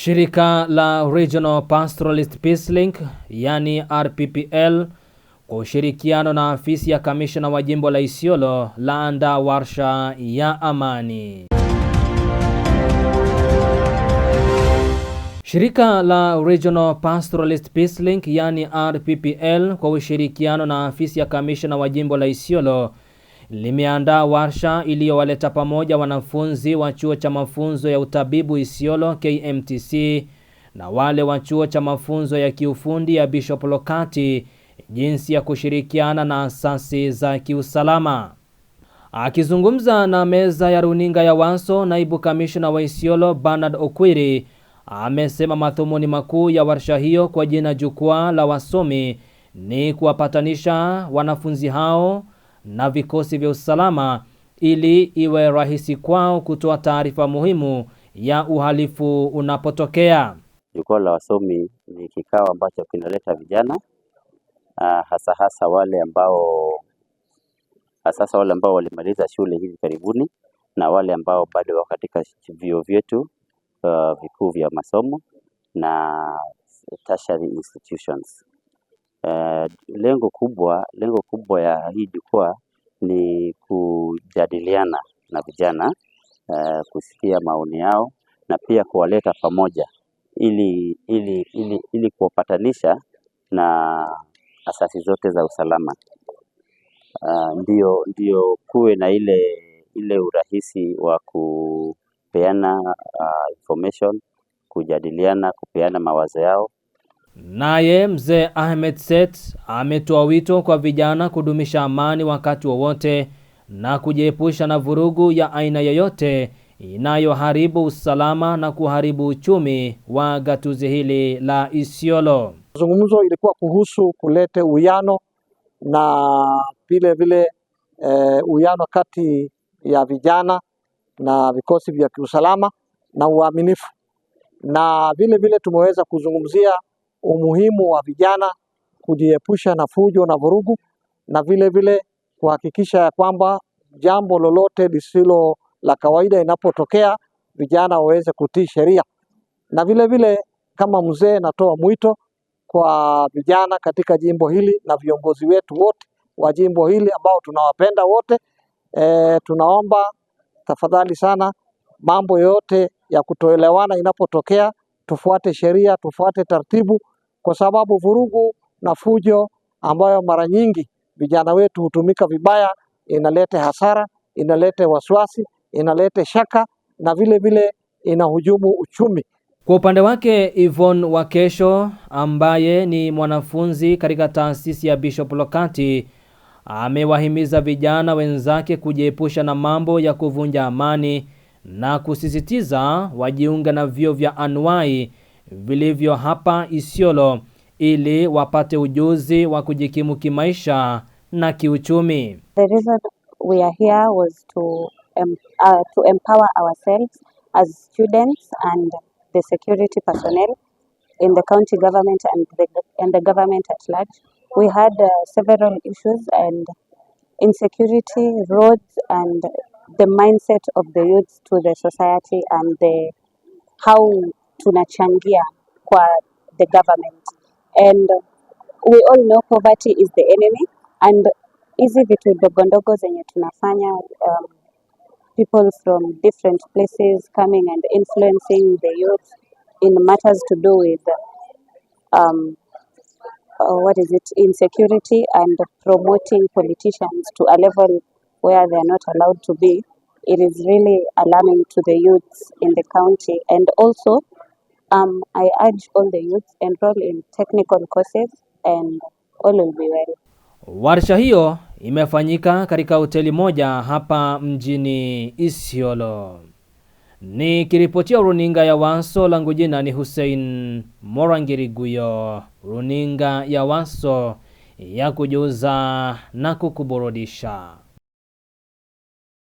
Shirika la Regional Pastoralist Peace Link yani RPPL kwa ushirikiano na afisi ya kamishna wa jimbo la Isiolo laanda warsha ya amani. Shirika la Regional Pastoralist Peace Link yani RPPL kwa ushirikiano na afisi ya kamishna wa jimbo la Isiolo limeandaa warsha iliyowaleta pamoja wanafunzi wa chuo cha mafunzo ya utabibu Isiolo KMTC na wale wa chuo cha mafunzo ya kiufundi ya Bishop Lokati jinsi ya kushirikiana na asasi za kiusalama. Akizungumza na meza ya runinga ya Waso, naibu kamishna wa Isiolo Bernard Okwiri amesema madhumuni makuu ya warsha hiyo kwa jina jukwaa la wasomi ni kuwapatanisha wanafunzi hao na vikosi vya usalama ili iwe rahisi kwao kutoa taarifa muhimu ya uhalifu unapotokea. Jukwaa la wasomi ni kikao ambacho kinaleta vijana ah, hasa hasa wale ambao hasa wale ambao walimaliza shule hivi karibuni na wale ambao bado wako katika vyuo vyetu uh, vikuu vya masomo na tertiary institutions. Eh, lengo kubwa, lengo kubwa ya hii jukwaa ni kujadiliana na vijana, eh, kusikia maoni yao na pia kuwaleta pamoja ili kuwapatanisha na asasi zote za usalama. Eh, ndio kuwe na ile urahisi wa kupeana ah, information, kujadiliana, kupeana mawazo yao Naye mzee Ahmed Set ametoa wito kwa vijana kudumisha amani wakati wowote na kujiepusha na vurugu ya aina yoyote inayoharibu usalama na kuharibu uchumi wa gatuzi hili la Isiolo. Mazungumzo ilikuwa kuhusu kulete uwiano na vile vile eh, uwiano eh, kati ya vijana na vikosi vya kiusalama na uaminifu, na vile vile tumeweza kuzungumzia umuhimu wa vijana kujiepusha na fujo na vurugu, na vile vile kuhakikisha ya kwamba jambo lolote lisilo la kawaida inapotokea vijana waweze kutii sheria. Na vile vile kama mzee, natoa mwito kwa vijana katika jimbo hili na viongozi wetu wote wa jimbo hili ambao tunawapenda wote. E, tunaomba tafadhali sana mambo yote ya kutoelewana inapotokea, tufuate sheria, tufuate taratibu kwa sababu vurugu na fujo ambayo mara nyingi vijana wetu hutumika vibaya, inalete hasara, inalete wasiwasi, inalete shaka na vile vile inahujumu uchumi. Kwa upande wake Yvonne Wakesho ambaye ni mwanafunzi katika taasisi ya Bishop Lokati amewahimiza vijana wenzake kujiepusha na mambo ya kuvunja amani na kusisitiza wajiunga na vyuo vya anuwai vilivyo hapa Isiolo ili wapate ujuzi wa kujikimu kimaisha na kiuchumi. The reason we are here was to, um, uh, to empower ourselves as students and the security personnel in the county government and the, and the government at large. We had uh, several issues and insecurity, roads and the mindset of the to the society and the how tunachangia kwa the government and we all know poverty is the enemy and hizi vitu ndogo ndogo zenye tunafanya um, people from different places coming and influencing the youth in matters to do with um, uh, what is it insecurity and promoting politicians to a level where they are not allowed to be it is really alarming to the youths in the county and also Um, I urge all the youth enroll in technical courses and all will be well. Warsha hiyo imefanyika katika hoteli moja hapa mjini Isiolo. ni kiripotia runinga ya Waso, langu jina ni Hussein Morangiriguyo, runinga ya Waso ya kujuza na kukuburudisha.